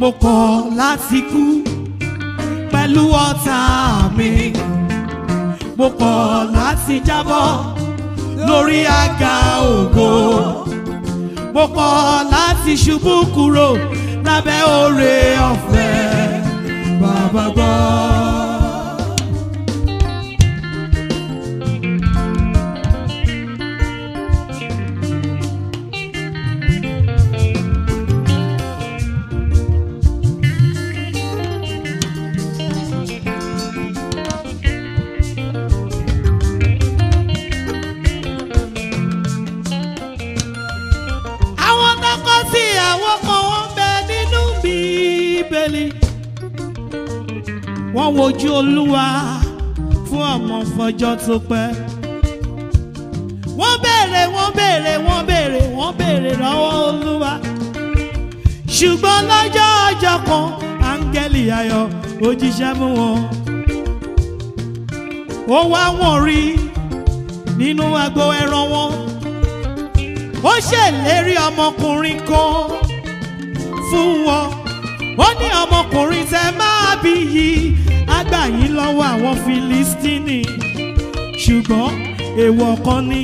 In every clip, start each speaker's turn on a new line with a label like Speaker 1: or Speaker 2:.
Speaker 1: mo kọ̀ láti kú pẹ̀lú ọ̀tá mi mo kọ̀ láti jábọ́ lórí àga ògo mo kọ̀ láti ṣubú kúrò lábẹ́ oore ọ̀fẹ́ bàbá gbọ́. wọ́n wojú olúwa fún ọmọ fọjọ́ tó pẹ́. wọ́n béèrè wọ́n béèrè wọ́n béèrè wọ́n béèrè lọ́wọ́ olúwa. ṣùgbọ́n lọ́jọ́ ọjọ́ kan áńgẹ́lì ayọ̀ ó jíṣẹ́ fún wọn. ó wá wọn rí nínú agbo ẹran wọn. ó ṣèlérí ọmọkùnrin kan fún wọn. ó ní ọmọkùnrin tẹ máa bí yìí gbà yín lọ́wọ́ àwọn Filistini ṣùgbọ́n èèwọ̀ kan ní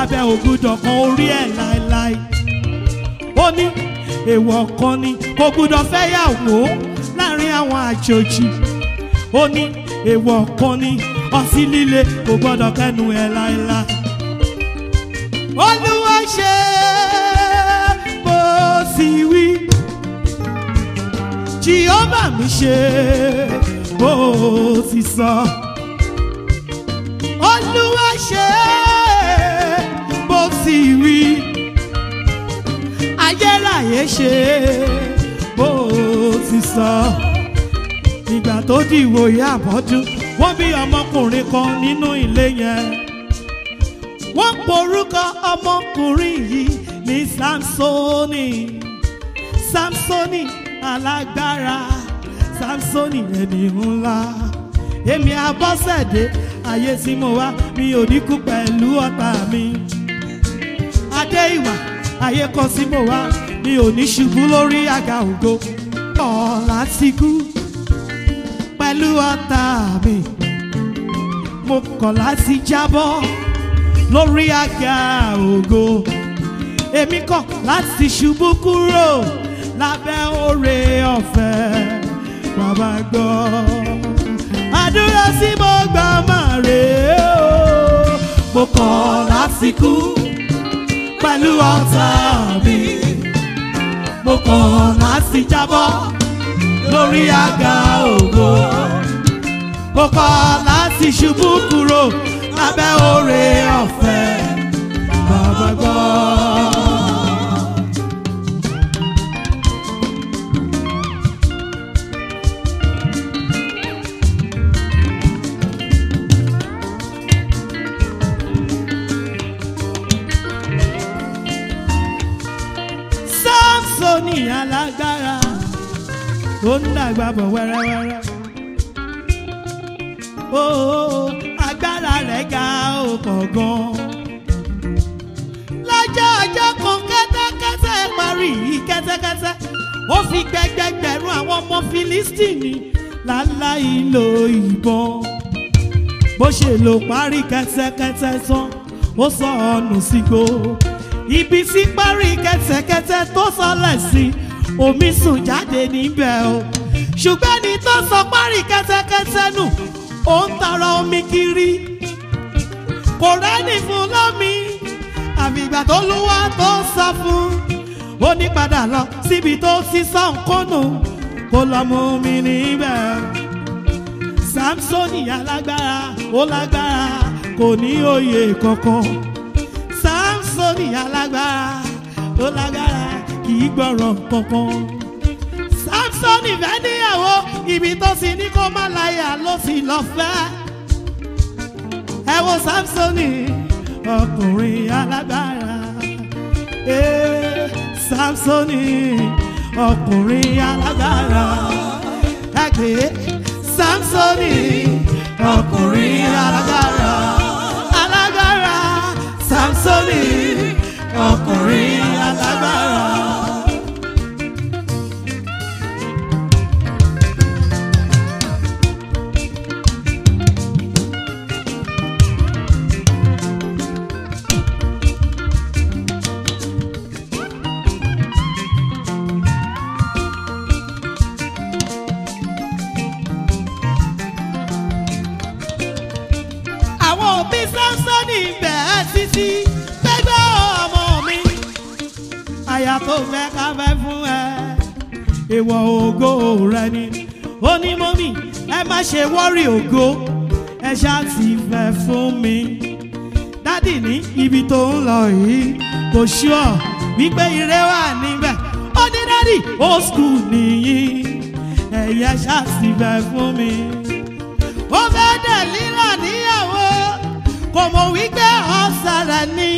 Speaker 1: abẹ́ ògùdọ̀ kan orí ẹ̀ láéláé ó ní èèwọ̀ kan ní kò gbúdọ̀ fẹ́yàwó láàrin àwọn àjòjì ó ní èèwọ̀ kan ní ọtí líle kò gbọ́dọ̀ kẹ́nu ẹ̀ láéláé Olúwa ṣe bó sì wí Jèhófà mi ṣe bó o ti sọ. olúwa ṣe é bó ti wí ayérayé ṣe é bó o ti sọ. ìgbà tó dìwò ìyá àbọ́jú wọ́n bí ọmọkùnrin kan nínú ilé yẹn wọ́n porúkọ ọmọkùnrin yìí ní Samsoni Samsoni alágbára samsoni ẹni ńlá èmi abọ́sẹ̀dé ayé tí mo wá mi ò ní kú pẹ̀lú ọ̀tá mi adé ìwà ayé kan tí mo wá mi ò ní ṣubú lórí àga ògo ọ̀la ti kú pẹ̀lú ọ̀tá mi mo kọ̀ láti jábọ́ lórí àga ògo èmi kọ̀ láti ṣubú kúrò lábẹ́ oore ọ̀fẹ́ bàbá gbọ́ àdúrà sí mo gbà máa rè é o mo kọ̀ láti kú pẹ̀lú ọ̀tá mi mo kọ̀ láti jábọ́ lórí àga ògo mo kọ̀ láti ṣubú kúrò lábẹ́ oore ọ̀fẹ́ bàbá gbọ́. ènìyàn lágbára ó ń dàgbà bọ̀ wẹ́rẹ́wẹ́rẹ́. Oh, agbára rẹ̀ ga ó pọ̀ gan. lọ́jọ́ ọjọ́ kan kẹ́tẹ́kẹ́tẹ́ parí kẹ́tẹ́kẹ́tẹ́ ó fi gbẹgbẹgbẹ̀rún àwọn ọmọ Fílístínì láláì lo ìbọn bó ṣe lò parí kẹ́tẹ́kẹ́tẹ́ tán ó sọ ọ̀nù sígbó ibi tí parí kẹsẹ̀kẹsẹ̀ tó sọlẹ̀ sí omi sùn jáde níbẹ̀ o ṣùgbọ́n ẹni tó sọ parí kẹsẹ̀kẹsẹ̀ nù ó ń tọrọ omi kiri kò rẹ́ni fún lómi àfìgbà tó lúwa tó sọ fún ó ní padà lọ síbi tó ti sọ nkónú kó lọ mú mi níbẹ̀ Samsoni alágbára ó lágbára kò ní òye kankan ní alágbára tó lágbára kì í gbọ́rọ̀ kankan. Samson ìfẹ́ níyàwó ibi tó sì ní kó má láyà ló sì lọ fẹ́. Ẹ wo Samson ọkùnrin alágbára. Samson ọkùnrin alágbára. Ẹ pè Samson ọkùnrin alágbára. ọkùnrin. tó fẹ́ ká fẹ́ fún ẹ ìwọ ògo rẹ ni ó ní mọ́mì ẹ má ṣe wọ́rì ògo ẹ ṣáà ti fẹ́ fún mi dádì ní ibi tó ń lọ yìí kò ṣúọ̀ wípé ire wà níbẹ̀ ó ní dádì old school nìyí ẹ̀yẹ ṣáà ti fẹ́ fún mi ó fẹ́ dẹ̀ lílà níyàwó kò mọ̀ wípé ọ̀sán rẹ̀ ni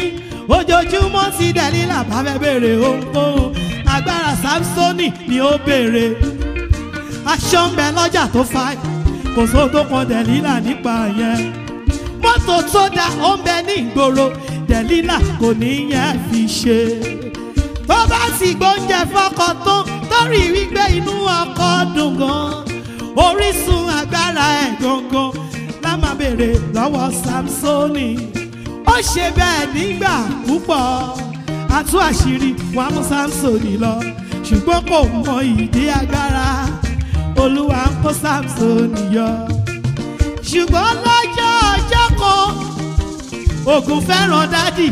Speaker 1: ojoojúmọ́ sí dẹ́lílà bá fẹ́ béèrè ohunkóhun agbára samsoni ni ó béèrè aṣọ ń bẹ lọ́jà tó fa kò sóhun tó kan dẹ́lílà nípa yẹn mọ́tò tó da ó ń bẹ ní ìgboro dẹ́lílà kò ní yẹn fi ṣe tó bá sì gbóúnjẹ fọkọ tó torí wípé inú ọkọ dùn gan orísun agbára ẹ̀ gangan la máa béèrè lọ́wọ́ samsoni ó ṣe bẹ́ẹ̀ nígbà púpọ̀ àtú àṣírí wà mú Sámsónì lọ ṣùgbọ́n kò mọ ìdí agbára olúwa ń kó Sámsónì yọ ṣùgbọ́n lọ́jọ́ ọjọ́ kan Ògún fẹ́ràn dádì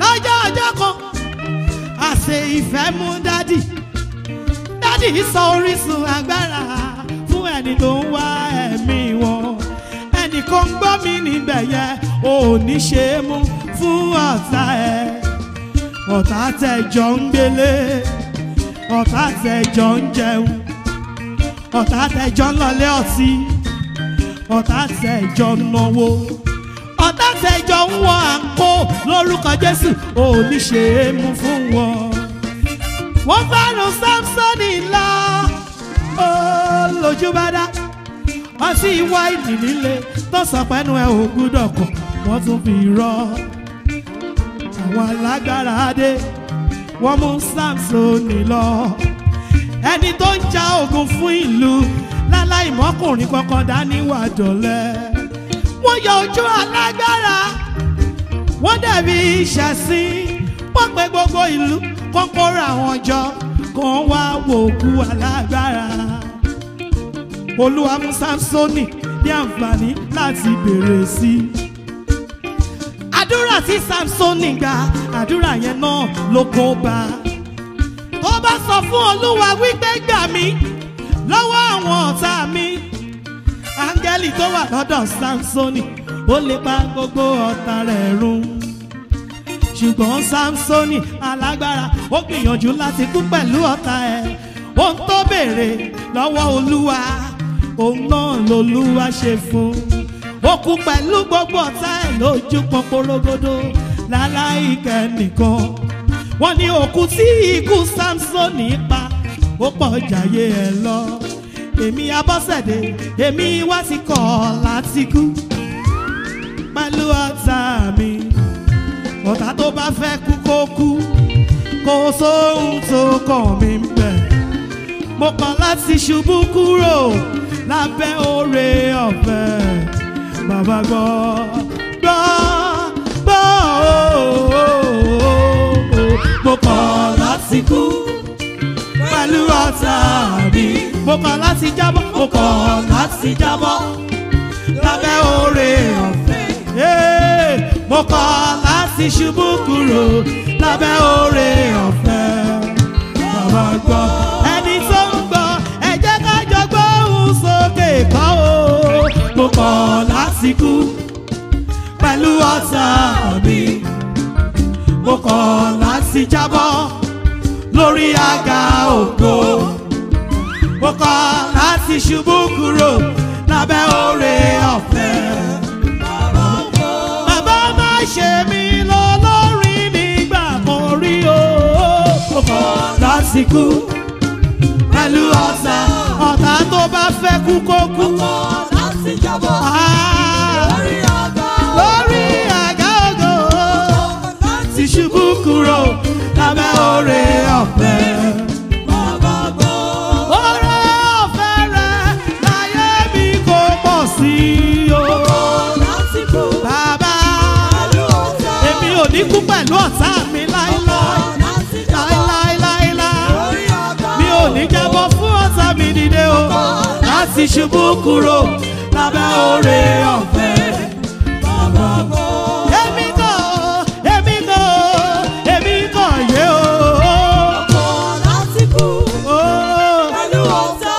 Speaker 1: lọ́jọ́ ọjọ́ kan àṣẹ ìfẹ́ mú dádì dádì sọ orísun agbára fún ẹni tó ń wá ẹ̀mí wọn kò ń gbọ́ mi níbẹ̀ yẹn ò ní ṣe é mú fún ọ̀tá ẹ̀ ọ̀tá tẹ̀jọ́ ń gbélé ọ̀tá tẹ̀jọ́ ń jẹun ọ̀tá tẹ̀jọ́ ń lọlé ọtí ọ̀tá tẹ̀jọ́ ń náwó ọ̀tá tẹ̀jọ́ ń wọ àǹkó lórúkọ Jésù ò ní ṣe é mú fún wọn. wọ́n bá Samson ńlá ó lójú bá dá ọtí wáìnì nílé tó sọ pẹ́nu ẹ ò gbúdọ̀ kọ̀ wọ́n tún fi rọ àwọn alágbára dé wọ́n mú Samsoni lọ ẹni tó ń ja ogun fún ìlú láláì mọ́kùnrin kankan dání wà dọ̀lẹ́ wọ́n yọ ojú alágbára wọ́n dẹ̀bi ìṣẹ̀sín wọ́n pe gbogbo ìlú kọ́kọ́rọ́ àwọn jọ kó wá wò ó kú alágbára olúwa Musa samsoni ní àǹfààní láti bèrè sí i. àdúrà tí samsoni gba àdúrà yẹn náà ló kó bá a. tó bá sọ fún olúwa wípé gbà mí lọ́wọ́ àwọn ọ̀tá mi áńgẹ́lì tó wà lọ́dọ̀ samsoni ó lè pa gbogbo ọ̀tá rẹ̀ run ṣùgbọ́n samsoni alágbára ó gbìyànjú láti kú pẹ̀lú ọ̀tá ẹ̀ ohun tó béèrè lọ́wọ́ olúwa òun náà lolúwa ṣe fún ó kú pẹ̀lú gbogbo ọ̀tá ẹ̀ lójú pọn porogodo láláì kẹ́nìkan wọ́n ní òkú tí ikú Samson nípa ó pọ̀ jàyé ẹ̀ lọ èmi abọ́sẹ̀dé èmi wá ti kọ̀ láti kú pẹ̀lú ọ̀tá mi ọ̀tá tó bá fẹ́ kú kó kú kò sóhun tó kàn mí bẹ́ẹ̀ mo kọ̀ láti ṣubú kúrò lábẹ́ oore ọ̀fẹ́ bàbá gbọ́ gbọ́ gbọ́ mo kọ̀ láti kú pẹ̀lú ọ̀tá mi mo kọ̀ láti jábọ́ mo kọ̀ láti jábọ́ lábẹ́ oore ọ̀fẹ́ mo kọ̀ láti ṣubú kúrò lábẹ́ oore ọ̀fẹ́ bàbá gbọ́. lè bá o mo kọ̀ láti kú pẹ̀lú ọ̀tá mi mo kọ̀ láti jábọ́ lórí àga ògo mo kọ̀ láti ṣubú kúrò lábẹ́ oore ọ̀fẹ́ bàbá má ṣe mí lọ́lọ́rin nígbà mo rí o mo kọ̀ láti kú pẹ̀lú mi bá fẹ́ kú kó kú. ti ṣubú kúrò lábẹ́ oore ọ̀fẹ́ bàbá gbọ́. èmi kò èmi kò èmi kò yé o. ọ̀pọ̀ láti kú pẹ̀lú ọ̀tá mi.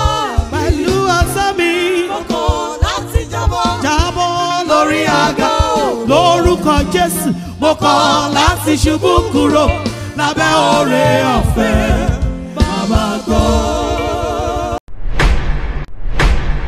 Speaker 1: pẹ̀lú ọ̀tá mi. ọkọ̀ láti jábọ́. jábọ́ lórí àga o. lórúkọ Jésù mo kọ̀ láti ṣubú kúrò lábẹ́ oore ọ̀fẹ́.